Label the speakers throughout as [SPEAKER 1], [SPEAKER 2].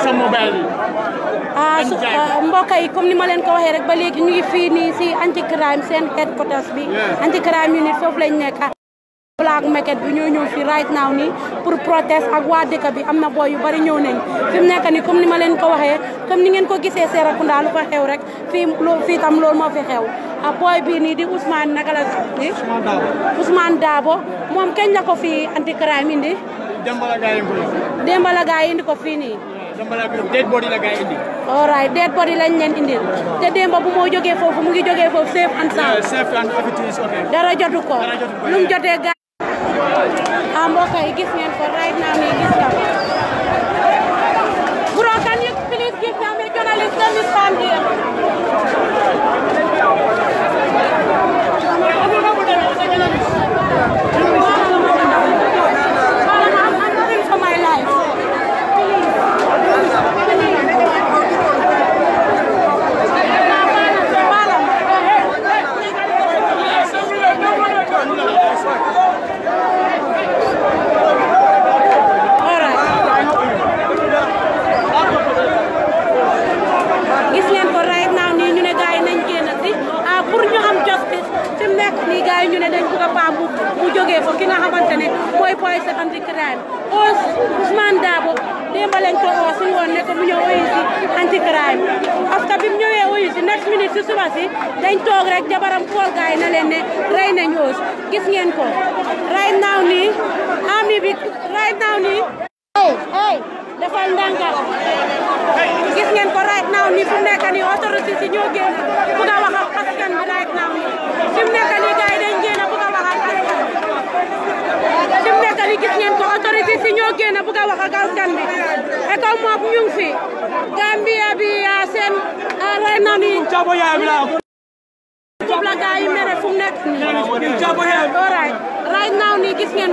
[SPEAKER 1] sa mobile yi. ah su ah, yi comme ni ma leen ko ba léegi ñu ngi fii nii si seen headquarters bi. anti crime unit foofu lañ nekk. black bi ñoo ñëw fi right now ni pour protest ak waa dëkk bi am na booy yu bari ñëw nañ fi mu nekk ni comme ni ma leen ko waxee comme ni ngeen ko gisee sera lu fa xew rek fii fii tam loolu moo fi xew a ah, booy bii nii di Ousmane naka la di Ousmane Dabo moom kañ la ko fii anti crime indi démb la gaa yi indi ko fii nii
[SPEAKER 2] dead body la gaa indi.
[SPEAKER 1] all right dead body lañ leen indil te démba bu moo jógee foofu mu ngi jógee foofu safe and sound.
[SPEAKER 2] safe and everything
[SPEAKER 1] dara jotu ko lu mu jotee gaa. ah mbokk yi gis ngeen ko right now nii gis nga ko. bro can you please give me journalist si suba si dañ toog rek jabaram xool gaay na leen rey nañ oos gis ngeen ko right now nii ami bi right now nii hey defal ndànka gis ngeen ko right now nii fu ñoo génn bu nga wax ak askan bi bu nga wax ak askan bi fi mu nekk ko autorité si ñoo bu nga wax ak askan eko mook i ngi fi Gambia bi yaa ah, seen ah, rey ni jabo yaay bi laa gis ngeen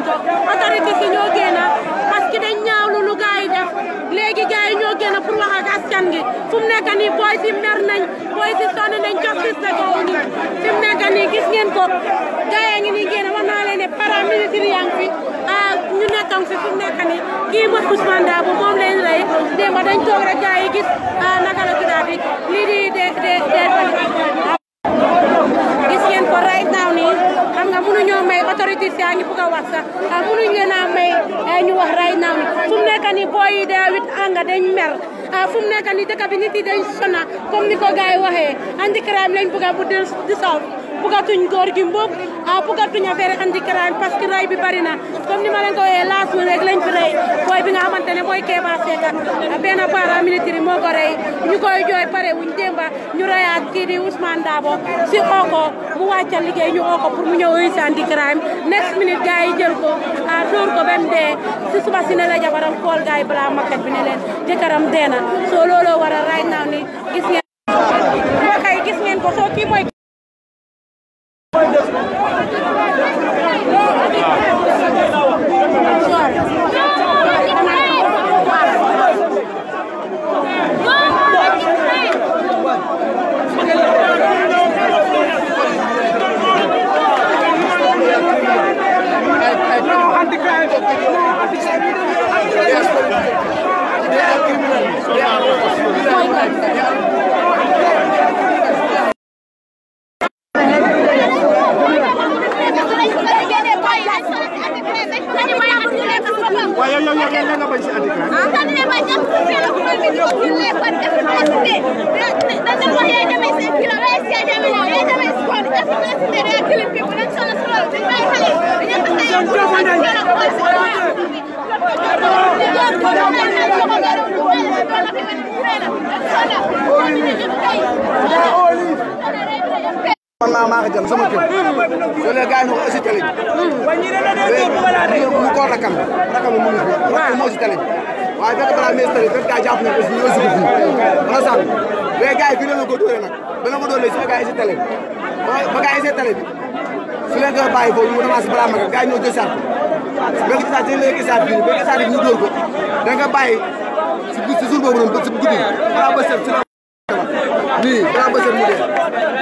[SPEAKER 1] ñoo génna parce que dañ ñaawlu lu gaa yi def léegi gaa yi ñoo génna pour wax ak askan gi fu mu nekk nii booy si mer nañ booy si sonn nañ justice la kooku nii fi mu nekk nii gis ngeen ko gaa ngi nii génna wax naa leen ne paramilitaire yaa ngi fi ñu nekkoon fi fu mu nekk nii kii mooy Ousmane Dabo moom lañ rey démb dañ toog rek gars yi gis ah, naka la guddaa bi lii di de de de gis ngeen ko right now nii xam nga mënuñoo may autorités yaa ngi bugg a wax sax ah, mënuñ leen a may eh, ñu wax right now nii fu mu nekk nii booy yi dee wit anga dañ mer ah, fu mu nekk nii dëkk bi nit yi dañ sona comme ni ko gars yi waxee anti crime lañ bugg a bu di di bugatuñ góor gi mbub ah bugatuñ affaire anti crime parce que rey bi bari na comme ni ma leen ko waxee laas wi rek lañ fi rey booy bi nga xamante ne mooy Kéba Sekat moo ko ñu koy jooy pare wuñ démba ñu reyaat kii di Ousmane si ooko mu wàccal liggéey ñu ooko pour mu ñëw si anti next minute gars yi ko ah dóor ko ba dee si suba si ne la jabaram kool gars yi balaa makat bi dee na soo looloo waral right now Just
[SPEAKER 2] yi jàpp nañu aussi ñoo suñu fii ala sànni mais gars yi fii la ko dóoree nag ba la ko dóoree su gars yi si télé bi ba gars yi si télé bi su leen ko bàyyi foofu mu demaat si balaa ma gars yi ñoo jël saat bi benn saat dañ lay saat bi benn saat bi ñu dóor ko da nga bàyyi si si jour boobu noonu si guddi balaa ba set si la nii balaa ba set mu dee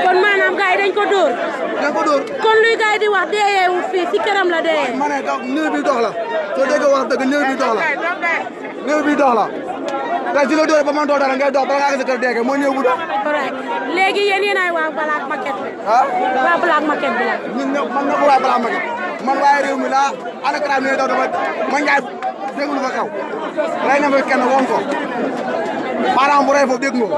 [SPEAKER 1] kon maanaam gars yi dañ ko dóor dañ ko dóor kon luy gars yi di wax deeyeewul fii si këram
[SPEAKER 2] la deeyee ma ne dox néew bi dox la soo déggee wax dëgg néew bi dox la néew bi dox la tey su ba mënatoo dara ngay dox bala ngaa moo ñëw bu dox.
[SPEAKER 1] léegi yéen yéen ay waa Black Market bi. ah waa Black Market bi la.
[SPEAKER 2] ñun ñëpp man ñëpp waa Black Market man waaye réew mi laa ana kalaam daw dafa man ngaa dégg lu fa xew rey na fa kenn woon ko maanaam bu rey foofu dégg nga ko.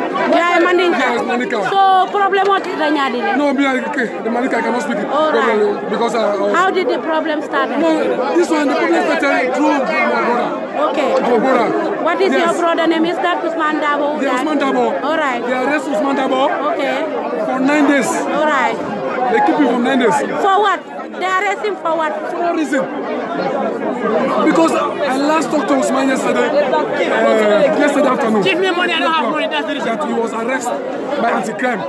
[SPEAKER 3] Yeah, Mandinka. Mandinka. So,
[SPEAKER 1] problem what is Ranyadile? No, me,
[SPEAKER 2] I, the Mandinka, I cannot speak it. All right. Because I, I was... How
[SPEAKER 1] did the problem start? No, this one, the problem started through my brother. Okay. Our brother. What is yes. your brother name? Is that Usman Dabo? Yeah, Usman Dabo. All right. They arrest Usman Dabo. Okay.
[SPEAKER 4] For nine days.
[SPEAKER 1] All right.
[SPEAKER 4] They keep you from nine days.
[SPEAKER 1] For what? They are arresting for what? For no reason.
[SPEAKER 4] Because I uh, last talked to Usman yesterday, uh, yesterday afternoon. Give me money, I don't have money, that's the reason. That he was arrested by anti-crime.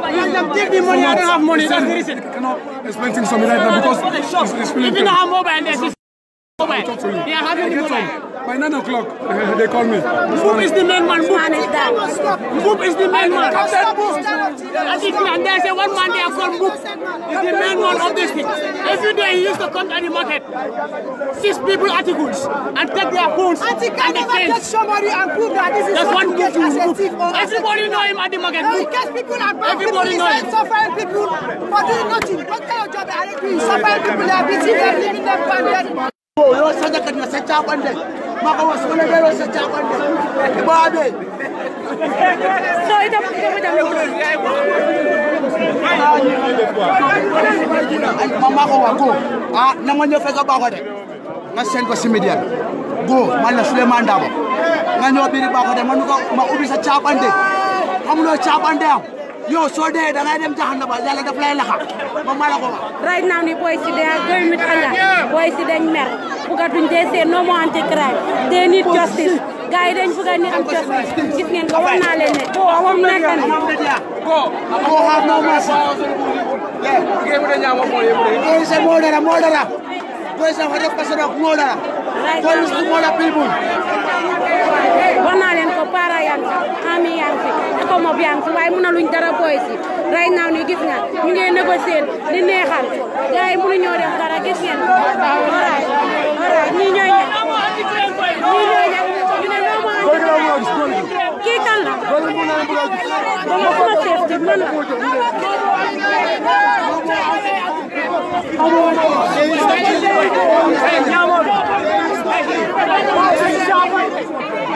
[SPEAKER 4] Give me money, I don't have money, that's the reason. I
[SPEAKER 2] cannot explain things to me right now because it's, it's feeling If you don't have mobile, then it's mobile. They are having mobile. By 9 o'clock, uh, they call me. Mbub is the main man.
[SPEAKER 3] Mbub is the main man. As it and there's a one man there called Mbub. He's
[SPEAKER 2] the main man of this thing. Every day he used to come to the market, six people articles, and take their phones Article and the change. somebody and prove that this is That's what Mbub is. Everybody know him at the market. No, he gets people and bad people. He's like suffering people for doing nothing. What kind of job are
[SPEAKER 3] they doing? Suffering people, they are beating them, leaving them banded.
[SPEAKER 2] Oh, you're such a kind of such a banded. maka wasu na bai wasu cakon da ba abe so ita ba kuma da mama na ngonyo fega ba ko de na sen ko simidial go man na suleiman dabo na nyo biri ba ko de ma ubi sa chabande am lo am yow soo dee da ngay dem jaxandaba yàlla daf lay laxa ba ma la ko wax. ni boy si de a deux minutes ànda
[SPEAKER 1] boy si dañ mer bugatuñ dee seen no more anti crime they need justice gars yi dañ bugg a ni ngeen ko wax ne. am na nekk
[SPEAKER 2] dara moo dara boy sa fa def parce que moo dara. right now police moo la people.
[SPEAKER 1] para yaa ngi fi ami yaa ngi fi ECOMOF yaa ngi fi waaye mënaluñ dara booy si right now nii gis nga ñu ngi négocier di neexal gars yi mënuñoo def dara gis ngeen ñii ñooy ña
[SPEAKER 3] ñii ñooy ña ñu ne loo ma kii kan la man la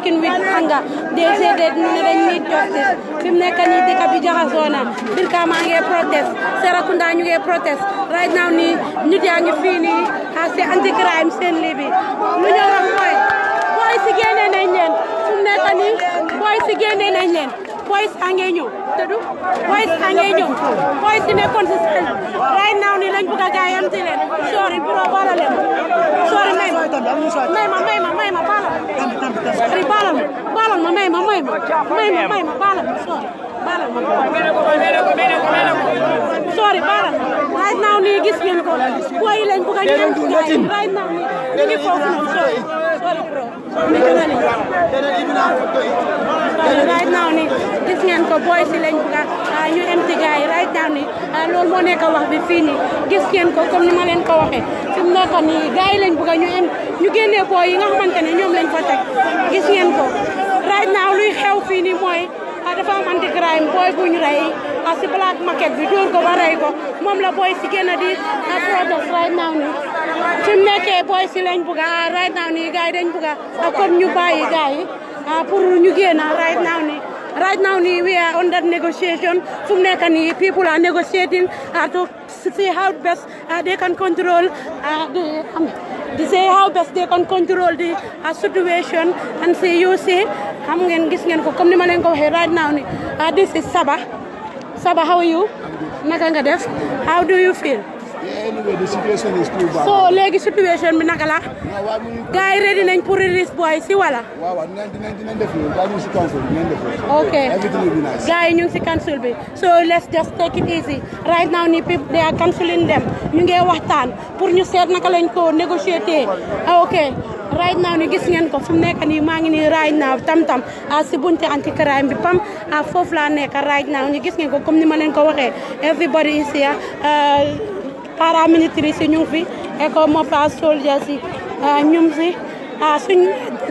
[SPEAKER 1] working with hunger they say that ñu ne dañ need justice fi mu nekk nii dëkk bi jaxasoo na a ngi protest Serekunda ñu ngi protest right now nii nit yaa ngi fii nii a ah, se seen lii bi lu ñu wax mooy si génne nañ leen fi mu nekk si génne nañ leen boys a ngi a ngi si nekkoon si right now nii lañ bëgg a gaayam ti leen sorry bro boole
[SPEAKER 2] sorry may ma may ma may ma
[SPEAKER 1] may ma baalal ari baalal ma baalal ma may ma may ma may ma may ma baalal ma sorry baalal
[SPEAKER 5] ma
[SPEAKER 1] sorry baalal ma right now nii gis ngeen ko kuwa yi lañ bëgg a ñëw gaay right now nii ñu ngi foofu noonu sorry sorry bro gis ngeen ko boy si lañ bugga ah, ñu empty gars yi right down yi ah, loolu moo nekk wax bi fii gis ngeen ko comme ni ma leen ko waxee fi mu nekk nii gars ñu em ñu génnee booy yi nga xamante ñoom lañ fa teg gis ngeen ko right booy ah, buñ rey si black market bi dóor ko ba rey ko moom la booy si génn di protest right now nii fi mu booy si lañ bugga right now nii gars yi dañ bugga comme ñu bàyyi gars yi pour ñu génn right now nii Right now, we are under negotiation. From people are negotiating uh, to see how best uh, they can control uh, the. Um, they say how best they can control the uh, situation and say you see xam ngeen gis ngeen ko comme ni ma leen ko waxee right now ni uh, this is Saba Saba how are you naka nga def how do you feel so léegi situation bi naka la. gars yi ready nañ pour release boy si wala.
[SPEAKER 4] waaw dinañ dinañ si council bi
[SPEAKER 1] yi ñu ngi si council bi so let's just take it easy right now ni people they are counseling them ñu ngi waxtaan pour ñu seet naka lañ ko négocier ah, ok right now ni gis ngeen ko fu mu nekk maa ngi nii right now tam tam a ah, si bunte anti crime bi pam a ah, foofu a nekk right now ni gis ngeen ko comme ni ma leen ko waxee everybody is here paramilitaires yi ñu ngi fi ECHO MOPAS soldiers euh, yi ñu ngi fi ah, suñ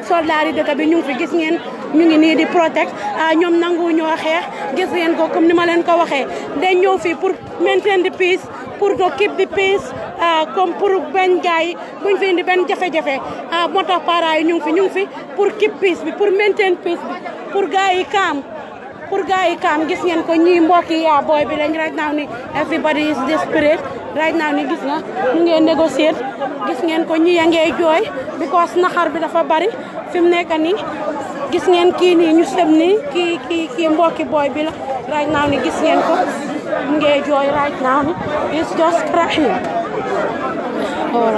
[SPEAKER 1] soldats yi dëkk bi ñu fi gis ngeen ñu ngi nii di protect ah, ñoom nangu ñu xeex gis ngeen ko comme ni ma leen ko waxee dañ ñëw fii pour maintain the peace pour to keep the peace ah, comme pour benn gars yi buñ fi indi benn jafe-jafe moo tax para yi ñu ngi fi ñu ngi pour keep bi pour maintain peace bi pour gars yi calme pour gars yi kaam gis ngeen ko ñi mbokk yi yaa ah, booy bi lañ right now ni everybody de desperate right now ni gis nga mu ngee négocier gis ngeen ko ñi ya ngee jooy because naxar bi dafa bari fi mu nekk nii gis ngeen kii nii ñu sëb ni kii kii mbokki booy bi la right ni gis ngeen ko mu ngee jooy right now ni it's just crying all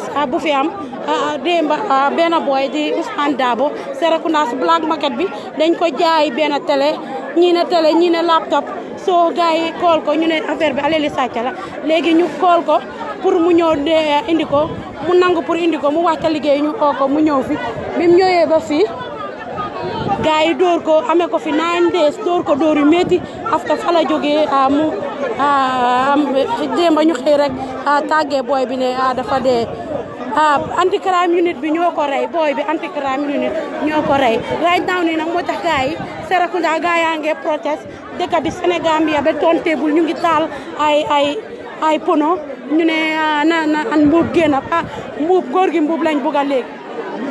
[SPEAKER 1] bees ah, bu fi am ah, ah, démb benn boy di Ousmane Dabo Serekunda si black market bi dañ ko jaay benn tele ñii ne télé ñii ne laptop soo gars kool ko ñu ne affaire bi aleli sàcc la léegi ñu kool ko pour mu ñëw indi ko mu nangu pour indi ko mu wàcca liggéey ñu oo ko mu ñëw fi bi mu ba fii gars yi dóor ko amee ko fi nine days dóor ko dóor yu métti after fa la jógee ah, mu ah, démb ñu xëy rek ah, tàggee booy bi ne dafa dee anti crime unit bi ñoo ko rey booy bi anti crime unit ñoo ko rey right now nii nag moo tax gars yi Serekunda gars yaa ngi protest dëkk bi Sénégal bi ba toon teebul ñu ngi taal ay ay ay pono ñu ne na na an mbuub génn ah mbuub góor gi mbuub lañ bugg a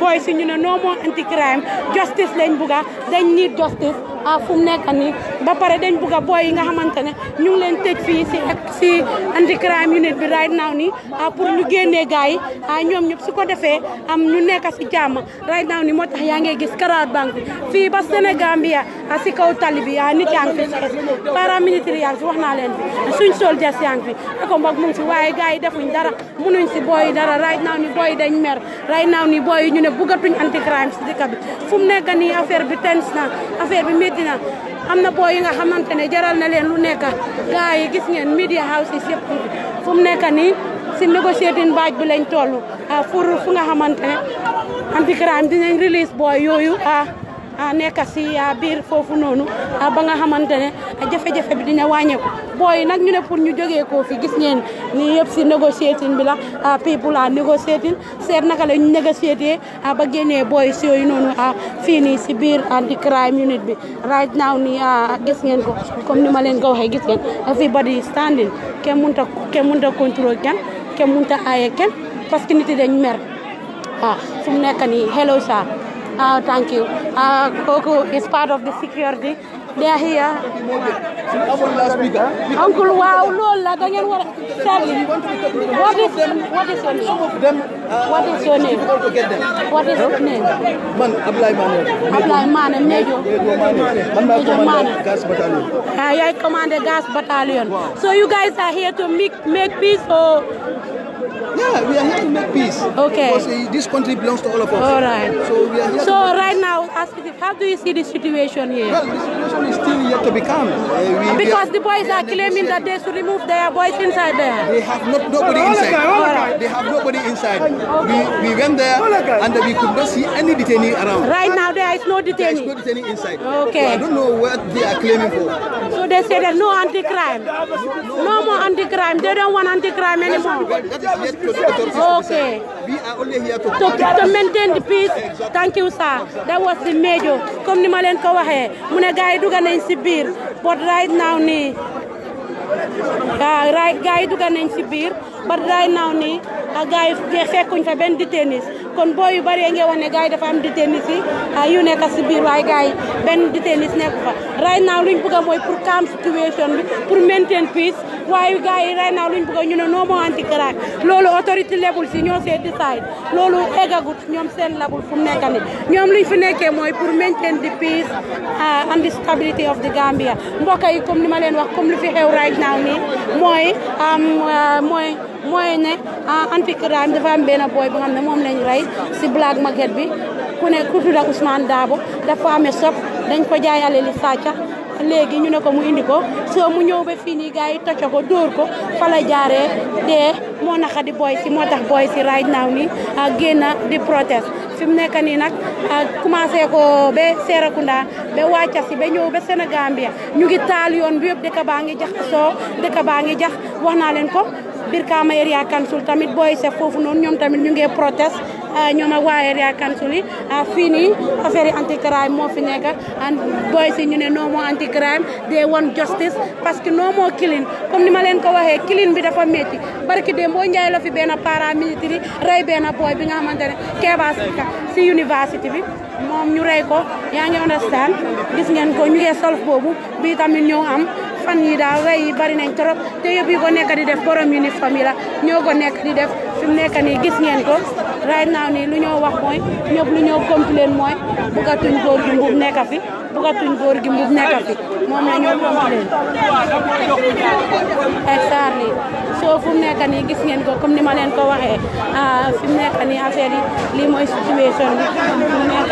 [SPEAKER 1] boy si ñu ne no more anti crime justice lañ buga dañ need justice a ah, fu mu ni nii ba pare dañ bugg a booy yi nga xamante ne ñu ngi leen tëj fii si si anti crime unit bi right now nii ah pour ñu génnee gars yi ah ñoom ñëpp su ko defee am ñu nekk si jàmm right now nii moo tax yaa ngi gis Karat Bank fii ba Sénégambia ah, si kaw tali bi ah nit yaa ngi fi paramilitaire yaa ngi fi wax naa leen fi suñ soldiers yaa ngi fi eko mbog mu ngi fi waaye gars yi defuñ dara munuñ si booy yi dara right now nii booy yi dañ mer right now nii booy ñu ne buggatuñ anti crime si bi fu Medina am na boo yi nga xamante ne jaral na leen lu nekk gars yi gis ngeen media houses yëpp fu mu nekk nii si negotiating baaj bi lañ toll ah, pour fu nga xamante ne anti crime dinañ release booy yooyu ah. nekka si biir foofu noonu ba nga xamante ne jafe-jafe bi dina wàññeeku booy nag ñu ne pour ñu jógee ko fi gis ngeen ni yëpp si négociating bi la people are négociating seet naka la ñu négociaté ba génnee booy si yooyu noonu fii nii si biir anti crime unit bi right now ni gis ngeen ko comme ni ma leen ko waxee gis ngeen everybody standing kenn mënta kenn mënta contrôle kenn kenn mënta aaye kenn parce que nit yi dañ mer a ah, fu mu nekk nii hello Sarr Uh, thank you. Uh, ah, Koku is part of the security. They are here. Uncle, wow, Lola, Daniel, what, tell him. What is, your name? what is your name? What is your name?
[SPEAKER 4] Man, Ablai Mane.
[SPEAKER 1] Ablai Mane, Major. Major Mane. Gas Battalion. I ah, command the Gas Battalion. So you guys are here to make, make peace or yeah, we are here to make peace. Okay. Because eh, this country belongs to all of us. All right. So we are here. So right peace. now, how do you see the situation here? Well, the situation
[SPEAKER 2] is still yet to become. Uh,
[SPEAKER 1] because are, the boys are, are claiming that they should remove their boys inside there.
[SPEAKER 2] They have not, nobody inside. All right. They have nobody inside.
[SPEAKER 1] Okay. We, we went there and we could not see any detainee around. Right now, there is no detainee. There is
[SPEAKER 2] no detainee inside.
[SPEAKER 1] Okay. So I don't know what they are claiming for. they say that no anti-crime. No more anti-crime. They don't want anti-crime anymore. Okay. We
[SPEAKER 4] are only here to, to,
[SPEAKER 1] was the major. Comme ni ma leen ko waxee mu ne gars yi dugg nañ si biir but right now nii gars yi dugg nañ but right now nii gars yi fekkuñ fa benn detainees kon boo yu bari ngeen wax ne gars yi dafa am detainees yi ah, yu nekk si biir waaye gars yi benn detainees nekk fa right now luñ bëgg a mooy pour calm situation bi pour maintain peace waaye gars yi right now luñ bëgg ñu ne no more anti crack loolu autorité lebul si ñoo see decide loolu eggagut ñoom seen labul fu mu ñoom luñ fi nekkee mooy pour maintain the peace ah, and di stability of the Gambia mbokk yi li ni ma leen wax comme lu fi xew right now nii mooy euh, mooy mooy ne ah, en pikiraam dafa am benn boy bu xam ne moom lañ rey si black market bi ku ne kutu tudda Ousmane Dabo dafa amee sob dañ ko jaayale li sàcca léegi ñu ne ko mu indi ko soo mu ñëw ba fii nii gars yi tocco ko dóor ko fa la jaaree dee moo naxa di boy si moo tax boy si right now nii ah, génn di protest fi mu nekk nii nag ah, commencé ko be ba Serekunda ba Waccasi ba ñëw ba Sénégambia ñu ngi taal yoon bi yëpp dëkk baa ngi jax soo dëkk baa ngi jax wax naa leen ko Brikama Area Council tamit booy se foofu noonu ñoom tamit ñu ngi protest Euh, ñoom ak waa area council yi euh, fii nii affaire yi anti crime moo fi nekk and boy si ñu ne no more anti crime justice parce que no more killing ni ma leen ko waxee killing bi dafa métti barki démb boo njaay la fi benn paramilitaire rey benn boy bi nga xamante ne Kebas si université bi moom ñu rey ko yaa ngi understand gis ngeen ko ñu ngee solf boobu bi tamit ñoo am fan yii daal rey bari nañ trop te yëpp yi ko nekk di def borom uniforme yi la ñoo ko nekk di def fi mu nekk gis ngeen ko right now nii lu ñoo wax mooy ñëpp lu ñoo complain mooy bugatuñ góor gi mbub góor gi mbub nekk fi moom la ñoo complain hectare lii soo fu mu nekk gis ngeen ko comme ni ma ko waxee ah, fi mu nekk nii yi lii mooy situation bi fi mu nekk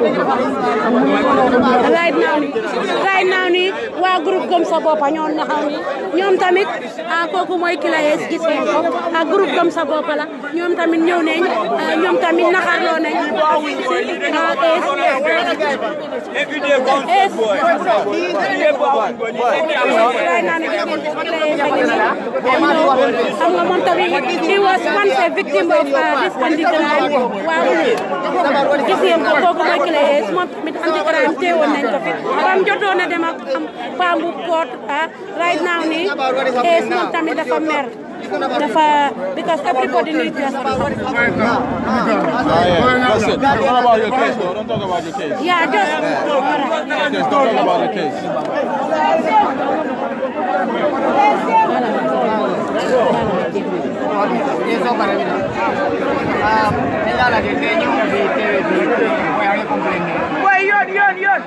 [SPEAKER 1] right now ni right now ni waa groupe gëm sa bopp ñoo naxaw ni ñoom tamit a kooku mooy kila yees gis ngeen ko a groupe gëm sa bopp la ñoom tamit ñëw nañ ñoom tamit naxarloo nañ
[SPEAKER 3] xam nga moom tamit he was once a victim
[SPEAKER 1] of this condition waaw gis ngeen ko kooku mooy clé nañ ko fi dem ak am pam bu port ah, right now ni e tamit dafa mer dafa because everybody needs Don't
[SPEAKER 3] about your case, though. Don't talk about your case. Yeah, just. Just don't talk about the case. Comienzo para mí.
[SPEAKER 2] Ah, es la que tengo, viste, viste, voy a comprender. Güey, yon, yon, yon!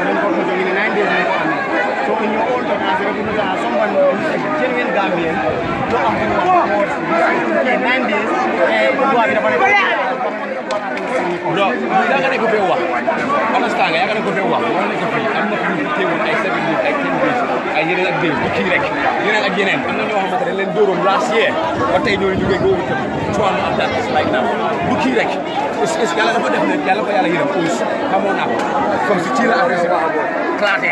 [SPEAKER 2] Senin korku jogini nine days in Ghana. So in your old country, you are someone genuine Gambian. You
[SPEAKER 3] are
[SPEAKER 2] nine days, and you are in a non yaa nga ne ko fee am na fi ñu teewoon ay seven days ay ten days ay yeneen ak days kii rek yeneen am leen dóoroon last year ba tey ñoo that is like now bu kii rek est-ce que yàlla dafa def ne yàlla ko yàlla yërëm aussi xamoon naa ko comme si tii la adressé ba xamoon classé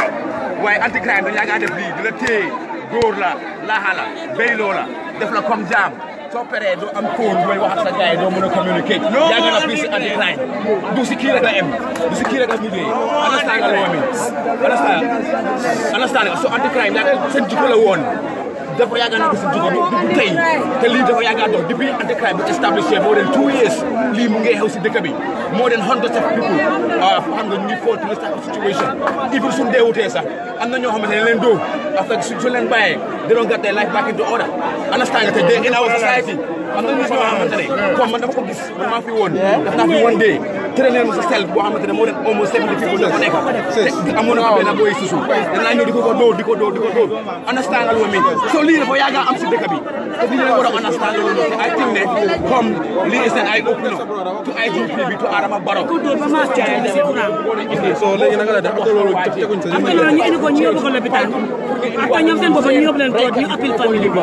[SPEAKER 2] waaye anti dañ yaa ngaa def lii di la téye dóor la laaxa def la comme jaam soo peree doo am kóol booy wax ak sa gars yi doo mën a communiquer. yaa ngi naan fii si anti time du si kii rek a em du si kii rek a mujjee. understand nga loo amee
[SPEAKER 3] understand understand
[SPEAKER 2] so anti crime yaa seen jikko la woon. dafa yàgg a nekk si dugub bi tey te lii dafa yàgg a dox depuis antécrabe bi establishé more than two years lii mu ngi xew si bi more than hundreds of people waaw ah, xam nga ñu ngi fóot ne sax situation even suñ deewutee a am na ñoo xamante ne leen dóor affaire suñ leen bàyyee da doon gàttee life back into order understand te dee in our society am na nit boo xamante ne comme man dama ko gis man maa fi woon daf naa fi woon dee traîner sa sel boo xamante ne moo leen homo sel di fi ko nekk amoon na benn ah, booy susu danaa ñëw di ko ko dóor di ko dóor di ko dóor anastangal wa mi so lii dafa yàgg am si dëkk bi te lii leen war a anastangal wa mi ay tim ne comme lii seen ay opinion tu ay groupe bi tu Adama Barrow so léegi naka la def ak loolu teguñ sa après loolu ñu indi ko ñu yóbbu ko lopitaan après ñoom seen bopp ñu yóbbu leen ñu appel famille bi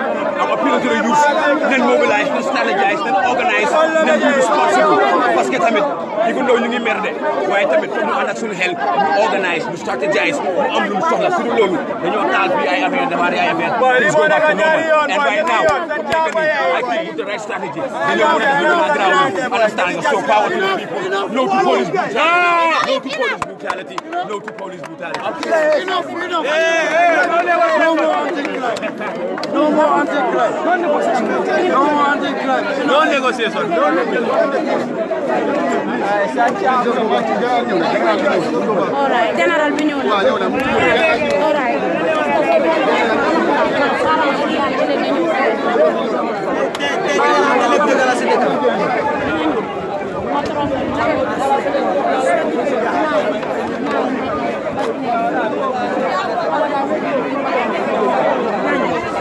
[SPEAKER 2] I'm appealing to the youth, then mobilize, then strategize, then organize, then be responsible. Parce even though ñu ngi mer de, waaye tamit foog ñu ànd Organise, suñu xel, ñu arm ñu strategize, mu am lu mu soxla. Su dul loolu, dañoo taal fii ay affaire, démarrer ay affaire, please go back to normal. And right now, I give the right strategy, dañoo are going to lu la ground, understand nga, so power to the people, no to police brutality, no to police brutality, no to police brutality. Enough,
[SPEAKER 3] enough. No
[SPEAKER 2] more anti No more No negociación. No negociación.
[SPEAKER 3] General negociación. No Thank you.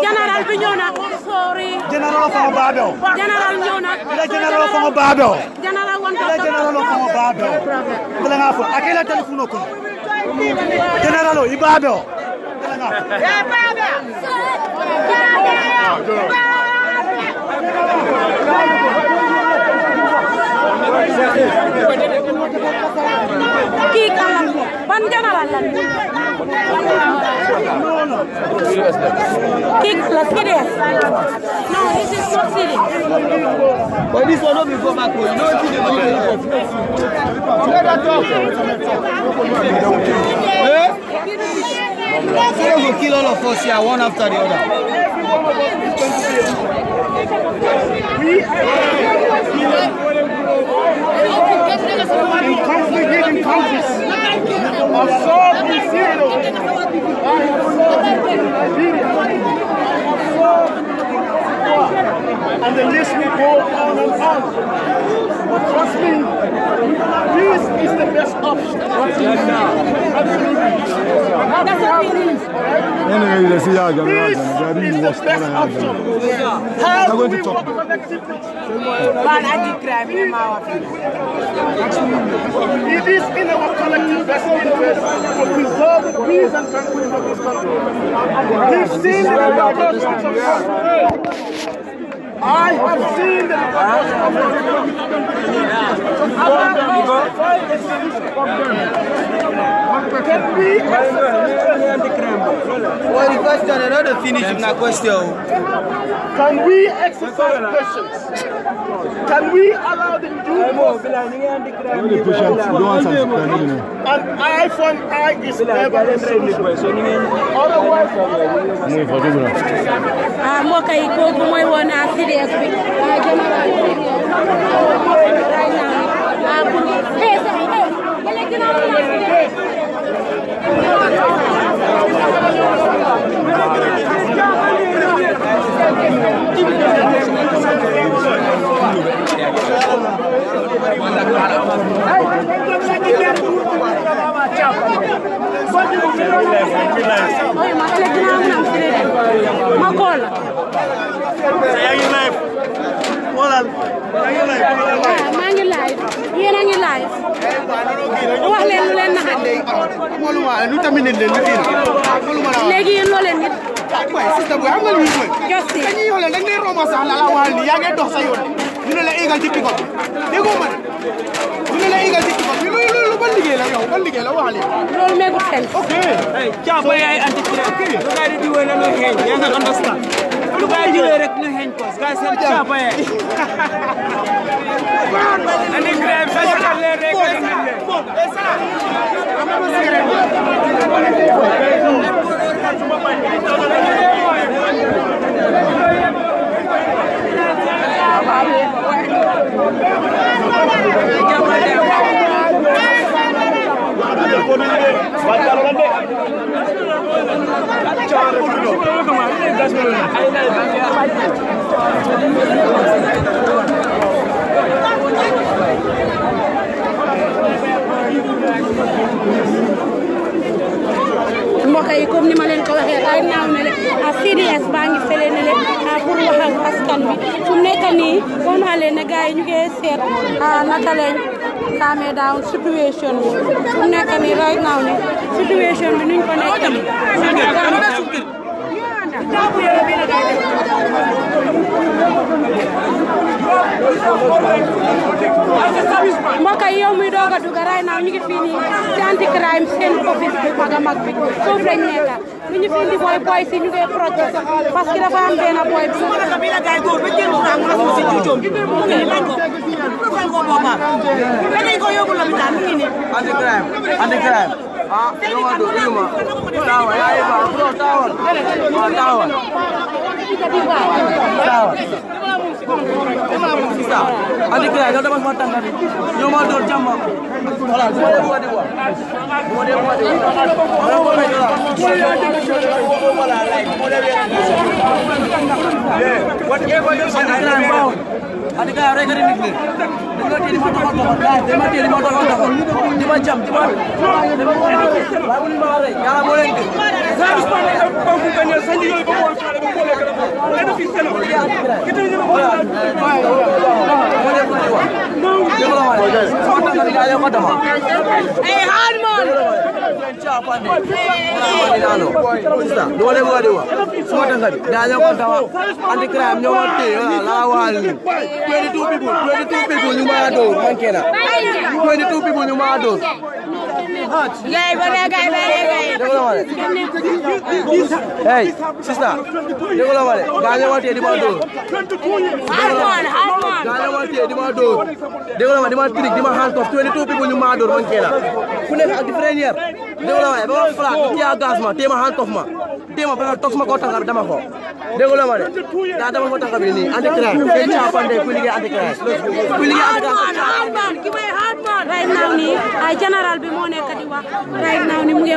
[SPEAKER 1] général bi ñëw na. général Ofongo Baado.
[SPEAKER 4] général ñëw général Ofongo Baado.
[SPEAKER 2] général Wanda la général Ofongo Baado. kala ngaa fo a kela téléphone général o
[SPEAKER 4] i Baado.
[SPEAKER 1] kii kan la ban jangala la
[SPEAKER 3] kii kan la serious no this is so serious but this one no be go back o you know wetin dey go on for you let that talk eh say go
[SPEAKER 2] kill all of us here one after the other.
[SPEAKER 3] in conflict countries and the list will go on and on. But trust me, peace is the best option.
[SPEAKER 4] Anyway, they see how Peace is the
[SPEAKER 3] best option. How do we work collectively? Man, I our
[SPEAKER 4] It is in our collective best interest to preserve peace and tranquility of this country. We've seen the I
[SPEAKER 3] have seen the Can we
[SPEAKER 2] Well, the question, another finish in that question.
[SPEAKER 3] Can we exercise patience?
[SPEAKER 4] Can we allow them to do more?
[SPEAKER 1] An eye for eye is never a solution. Otherwise, I'm ah, okay. areas with yaa ngi live xoolal
[SPEAKER 3] yaa ngi live
[SPEAKER 1] maa ngi live yéen a ngi live
[SPEAKER 2] wax leen lu leen naxal
[SPEAKER 4] nu tamit leen lu diin léegi yéen
[SPEAKER 2] loo leen nit waaye sista bu am nga lu mooy josti dañuy yoole dañ lay romb sax la la waal ni yaa ngi dox sa yoon ñu ne la égal ci pick-up déggoo ma ñu ne la égal ci pick-up loolu ban liggéey la yow ban liggéey la wax leen loolu meegut xel ok caa ba yaay anti ci rek lu ngay di diwee la lu xeeñ yaa ngi understand lu gaa jëlee rek ñu xeeñ ko gaa seen caapa yee ani grève sa sakal leen rek ngeen
[SPEAKER 3] Baca lo nanti. Baca lo nanti. mbokk
[SPEAKER 1] yi comme ni ma leen ko waxee ay naaw na le a CDS baa ngi fële ne le a pour askan bi fu nekk nii wax naa ne gars yi seet a naka lañ calmer down situation bi fu nekk nii right now ni situation bi nuñ ko nekk mbokk yi yow muy doog a dugg right now ñu ngi fii nii ci anti crime seen office bu mag a mag bi suuf lañ nekk lu ñu fi indi mooy boy si ñu ngi protest parce que dafa am benn boy bi anti
[SPEAKER 3] crime
[SPEAKER 2] anti crime
[SPEAKER 3] Ah, yung ano yung
[SPEAKER 2] mo. Tawa, ay ba? Bro, tawa. Tawa.
[SPEAKER 3] Tawa. Sisa. Adi kaya kalau dapat
[SPEAKER 2] matang kami. Yung mal dor jam.
[SPEAKER 3] Wala, boleh buat
[SPEAKER 2] dia. Boleh buat dia. Wala ko na yun. Wala like. Boleh dia. Yeah, whatever you say, I'm bound. आणि काय अरे घरी निघले तिला टेरी मोठा मोठा मोठा तेव्हा टेरी मोठा मोठा तेव्हा चम तेव्हा लागून मारे याला बोले
[SPEAKER 3] Hey, hard man! Milano. Who's
[SPEAKER 2] that? No one ever do. What is that? Daniel Pantawa. And the crime, no one thing. Twenty-two people. Twenty-two people. You might do. Mankena. Twenty-two people. You
[SPEAKER 3] might do.
[SPEAKER 2] Hey, sister. Look over it. Daniel want to do.
[SPEAKER 3] Hard one, hard one. Daniel want to
[SPEAKER 2] do. They want to do. They want to do. Handcuff. Twenty-two people. You might do. Mankena. Who never different here? dégg la waaye ba ma fala kiya gas ma tema han tof ma tema parce que tof ma ko tanga dama ko dégg la ma de da dama ko tanga bi ni andi kra ke cha pande ku liggéey andi kra ku liggéey andi kra hard man
[SPEAKER 1] ki may hard man right now ni ay general bi moo nekk di wax right now ni mu ngi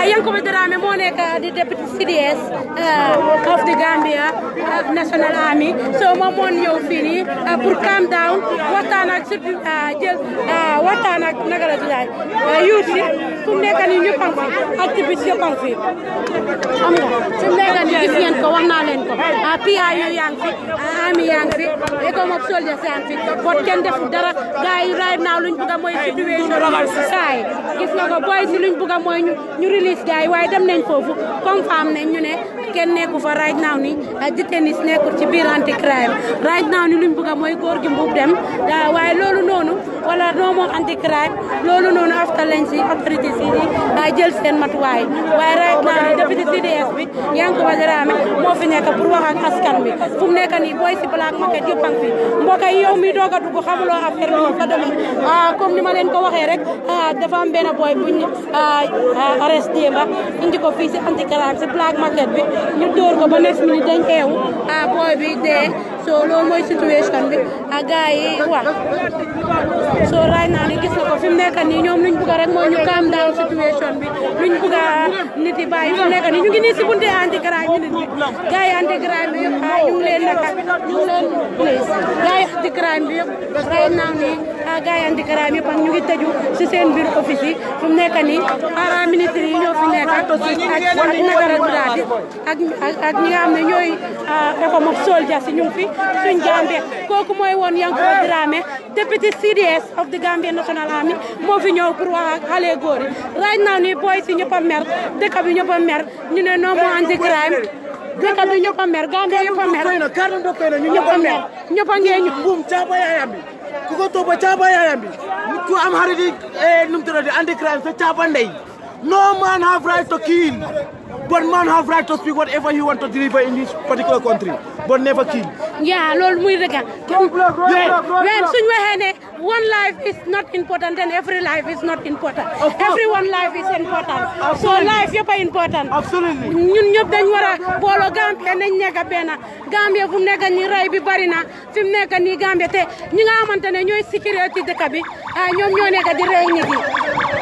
[SPEAKER 1] Ah, Yankuba Dramé moo nekk ah, di député CDS ah, of the Gambia National Army so moom moo ñëw fii nii pour calm down waxtaan ak surtout jël waxtaan ak naka la tuddaay youth yi fu mu nekk nii ñëpp a ngi fi activiste yëpp a ngi nga fu nekk nii gis ngeen ko wax naa leen ko PIU yaa ngi fi army yaa ngi fi ECOM of soldiers yaa ngi kenn defu dara gars yi right luñ bëgg mooy situation saa gis nga ko boys luñ bëgg mooy ñu gis gars yi waaye dem nañ foofu comme femme nañ ñu ne kenn nekku fa right now ni di tennis nekkul ci biir anti crime right now ni luñ bëgg mooy góor gi mbuub waaye loolu noonu wala noo moo anti crime loolu noonu after lañ si autorité si di jël seen matuwaay waaye right now ni député CDS bi Yankuba Dramé moo fi nekk pour wax ak askan bi fu mu nekk nii booy si black market yëpp a ngi fi mbokk yi yow mi doog a dugg xamuloo affaire bi fa demee ah, comme ni ma leen ko waxee rek ah, dafa am benn booy buñ ah, arrêté ba indi ñu dóor ko ba next minute dañ xeewu a ah, booy bi dee so loolu mooy bi a ah, gars wax so right now ni gis na ko fi mu nekk nii ñoom luñ bëgg rek mooy ñu calm down situation bi luñ bëgg nit yi bàyyi fi mu nekk nii ñu ngi nii si bunte anti crime nit bi gars yi anti crime bi yëpp ah, ñu ngi leen naka ñu leen place gars yi anti crime bi yëpp right now nii ah gars yi handicapés yi ñu ngi tëju si seen biir office yi fu mu nekk nii para ministre yi ñoo fi nekk ak ak ak ñi nga xam ne ñooy ECOMOG ah, soldiers si ñu ngi fi suñ Gambie kooku mooy woon Yankuba Dramé deputy CDS of the Gambia National Army moo fi ñëw pour wax ak xale góor yi right now nii boy si ñëpp a mer dëkk bi ñëpp a mer ñu ne non moo anti-crime dëkk bi ñëpp a mer Gambie ñëpp a mer ñëpp a mer
[SPEAKER 2] ñëpp a ngee ñu ku ko toog ba caaba yaayam bi ku am xarit yi eh, nu mu tuddati anti crime sa caaba ndey no man have to kill but man have to speak whatever he want to deliver in this but never kill.
[SPEAKER 1] Yeah, lol muy rega. When suñ waxé né one life is not important then every life is not important. Everyone life is important. Absolutely. So life yëpp important. Ñun ñëpp dañ wara bolo Gambia nañ nekk benn Gambia fu nekk ñi ray bi bari na fi mu nekk te ñi nga xamante ñooy sécurité dëkk bi ah ñoom ñoo nekk di rey nit yi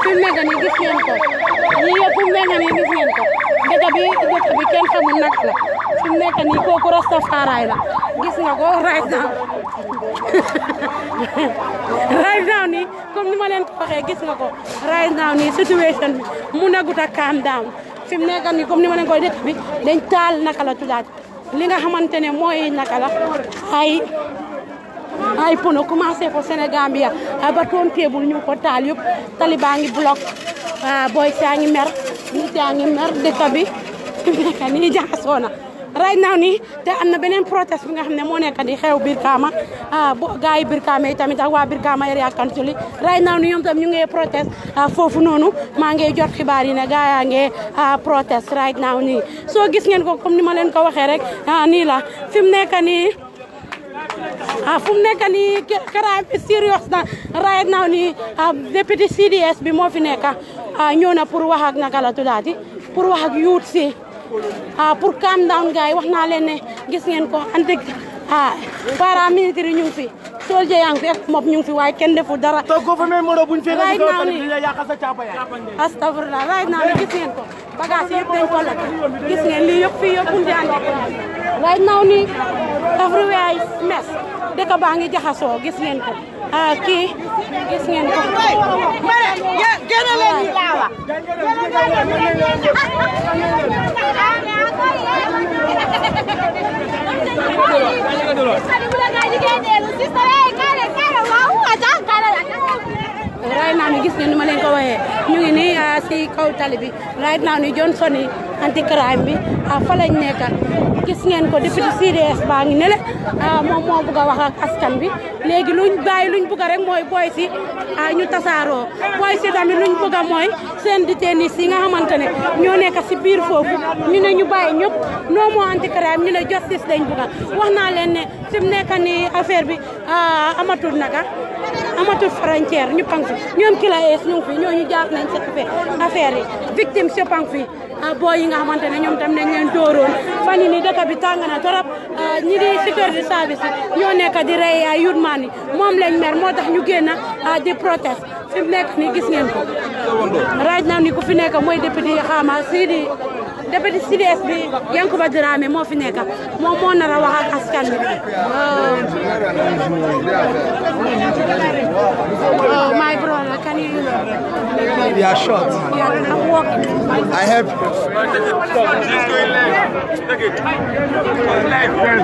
[SPEAKER 2] fi mu nekk nii gis ngeen ko ñi yëpp fu mu nekk nii gis ngeen
[SPEAKER 1] ko dëkk bi dëkk bi kenn xamul nag la. fi mu nekk nii kooku rastafaraay la gis nga ko right now right now ni ma leen gis nga ko right now nii situation bi mu nagut a calm down fi mu nekk nii comme ni ma leen koy dëkk bi dañ taal naka la tuddaat li nga xamante ne mooy naka la ay ay pono commencé ko Sénégambia a ba toon teebul ñu ko taal yëpp tali baa ngi bloc ah, mer nit yaa mer dëkk bi fi mu nekk nii right now nii te am na beneen protest bi nga xam ne moo nekk di xew Brikama ah, bo gars yi tamit a waa Brikama area council yi right now nii ñoom tam ñu ngi protest ah, foofu noonu maa ngi jot xibaar yi ne gars yaa ngi ah, protest right now nii soo gis ngeen ko comme ni ma leen ko waxee rek nii la fi mu nekk nii ah fu mu nekk nii crime bi serious na right now nii CDS bi moo fi a ñëw na pour wax ak naka la tuddaati pour wax ak youth si ah pour calm down gars yi wax naa leen ne gis ngeen ko en dëgg ah paramilitaire yi ñu ngi fi. soldier yaa ngi fi moom ñu fi waaye kenn deful dara. te gouvernement Moro bu ñu fee nekk kaw tamit dina
[SPEAKER 2] yàqal sa caapa yaa.
[SPEAKER 1] astafurlah right gis ngeen ko bagage yëpp dañ ko lakk gis ngeen lii yëpp fii yëpp Kunte andi ko right now nii everywhere is mess dëkk baa ngi jaxasoo gis ngeen ko ah kii gis ngeen
[SPEAKER 3] ko. génn leen ñu laa wax.
[SPEAKER 1] ci kaw tali ni Johnson yi anti a ah, fa lañ nekk gis ngeen ko député CDS baa ngi nele a ah, moom moo a wax ak askan bi léegi luñ bàyyi luñ bugg rek mooy boy si ah, ñu tasaaroo boy si tamit luñ bugg mooy seen détenus yi nga xamante ne ñoo nekk si biir foofu ñu ne ñu bàyyi ñëpp noo moo anti crime ñu ne justice lañ bugg wax naa leen ne fi mu nekk ni affaire bi amatul naka amatul frontière ñu pank fi ñoom kilayees ñu ngi fi ñooñu jaar nañ ci affaire yi victime si pank fi ah, boo yi nga xamante ne ñoom tam nañ leen dóoroon fan yi nii dëkk bi tàng na trop ah, ñi di security service ñoo nekk di rey ay yut maan yi moom lañ mer moo tax ñu génn ah, di protest fi mu nekk gis ngeen ko right now ni ku fi nekk mooy député xaama sii di député CDS bi Yankuba Dramé moo fi nekk moom moo nar a wax ak askan bi
[SPEAKER 3] oh my brother can you they are short I'm walking I help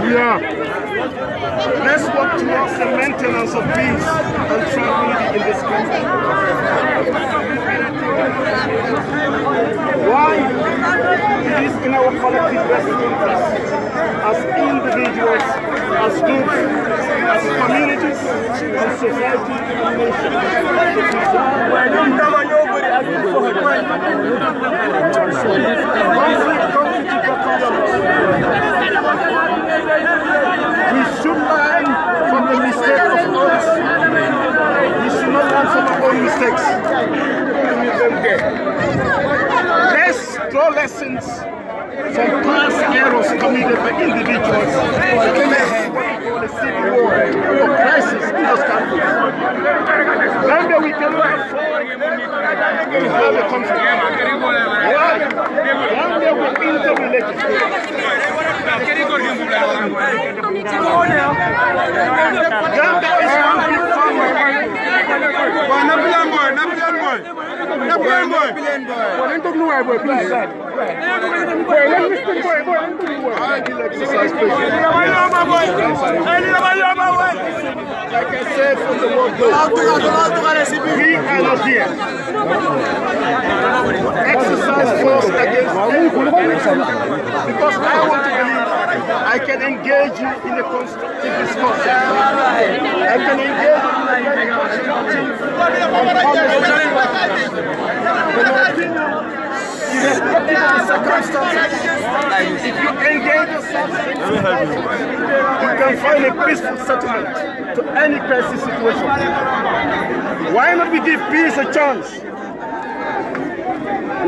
[SPEAKER 3] you
[SPEAKER 4] Let's work towards the maintenance of peace and tranquility in this country. Why?
[SPEAKER 3] It is in our collective best interest as individuals, as groups, as communities, as society, and nation. Conflict comes to we should learn from the mistakes of others. We should not learn from our own mistakes. Let's draw lessons
[SPEAKER 4] from past errors committed by individuals for the or crisis in those countries.
[SPEAKER 3] we cannot afford to have a we não I não from não word não We não not não
[SPEAKER 4] Exercise force against não Because I want to believe I can engage you in a constructive
[SPEAKER 3] discussion. I can engage you in constructive and conversation. if you engage yourself, you can find
[SPEAKER 4] a peaceful settlement to any crisis situation. Why not we give peace a chance?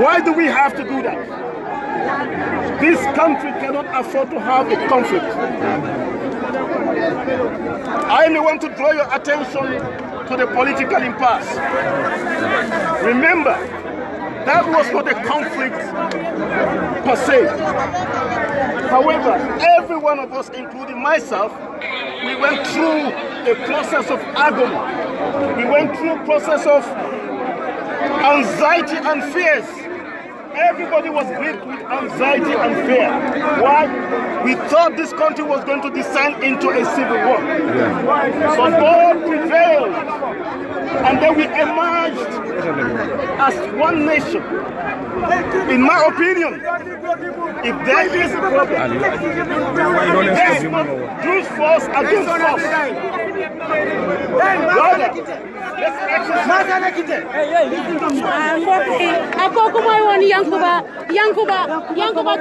[SPEAKER 4] Why do we have to do that? This country cannot afford to have a conflict.
[SPEAKER 3] I
[SPEAKER 4] only want to draw your attention to the political impasse. Remember, that was not a conflict per se. However, every one of us, including myself, we went through a process of agony. We went through a process of anxiety and fears. Everybody was gripped with anxiety and fear. Why? We thought this country was going to descend into a civil war.
[SPEAKER 3] Yeah. But God
[SPEAKER 4] prevailed. And then we emerged as one nation. In my opinion, if there is a problem,
[SPEAKER 3] there is not
[SPEAKER 4] force against force.
[SPEAKER 3] Rather,
[SPEAKER 1] Ako kuma won Yankuba, Yankuba, Yankuba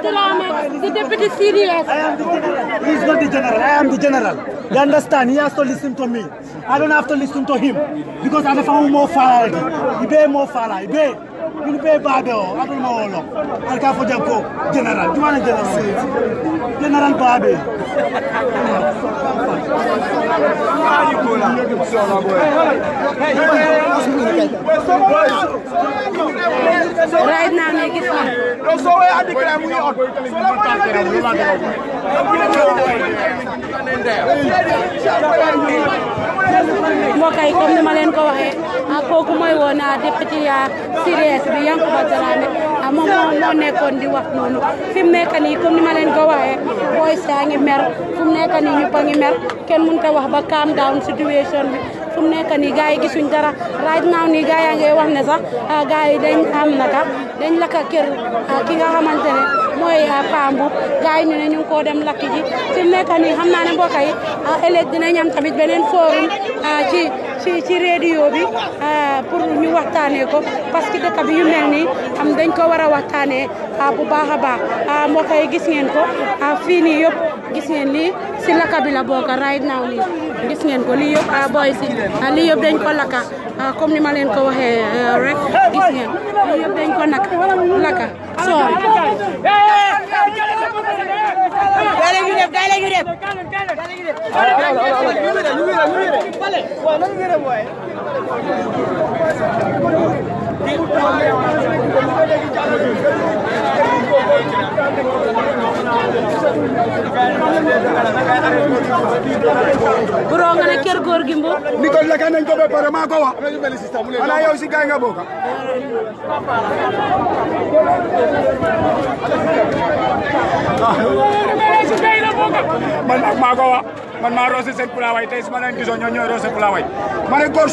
[SPEAKER 1] the deputy CDS. I am the general. He's not the general. I am
[SPEAKER 4] the general. You understand? He has to listen to me. I don't have to listen to him because I have found more fire. He be more fire. He be. min ɓe baaɓe o aɗuno wolo ar ka fojan ko général jumana général seyti général baaɓe
[SPEAKER 3] right now me gis na no so way andi kra mu ngi on so la mo andi kra mu ngi on
[SPEAKER 1] mbokk yi comme ni ma leen ko waxee
[SPEAKER 3] ah, kooku mooy
[SPEAKER 1] woon ah, député CDS ah, bi Yankuba Dramé moom moo nekkoon di wax noonu fi mu nekk nii comme ni ma leen ko waxee boy saa ngi mer fu mu nekk nii a ngi mer kenn mënut a wax ba calm down situation bi fu mu nekk nii gars yi gisuñ dara right now nii gars yaa ngi wax ne sax gars yi dañ am naka dañ lakka kër ki nga ne mooy euh, a Mboup gars yi ñu ne ñu ngi koo dem lakk ji fi mu nekk nii xam naa ne mbokk yi euh, ëllëg dinañ am tamit beneen forum euh, ci ci ci rédio bi pur ñu waxtaanee ko parce que dëkk bi yu mel nii am dañ ko war a waxtaanee bu baax a baax gis ngeen ko fii nii yëpp gis ngeen nii si lakk bi la bokk right now nii gis ngeen ko lii yëpp booy si lii yëpp dañ ko lakka comme ni ma leen ko waxee rek gis ngeen lii yëpp dañ
[SPEAKER 3] ko Guro nga ne kër góor gi ni ko lekk
[SPEAKER 2] nañ ko ba maa ko wax. xanaa yow si gaay nga bokk. man maa ko wax man maa roose
[SPEAKER 4] seen pulawaay tey su ma leen gisoo ñoo ñooy roose pulawaay ma ne góor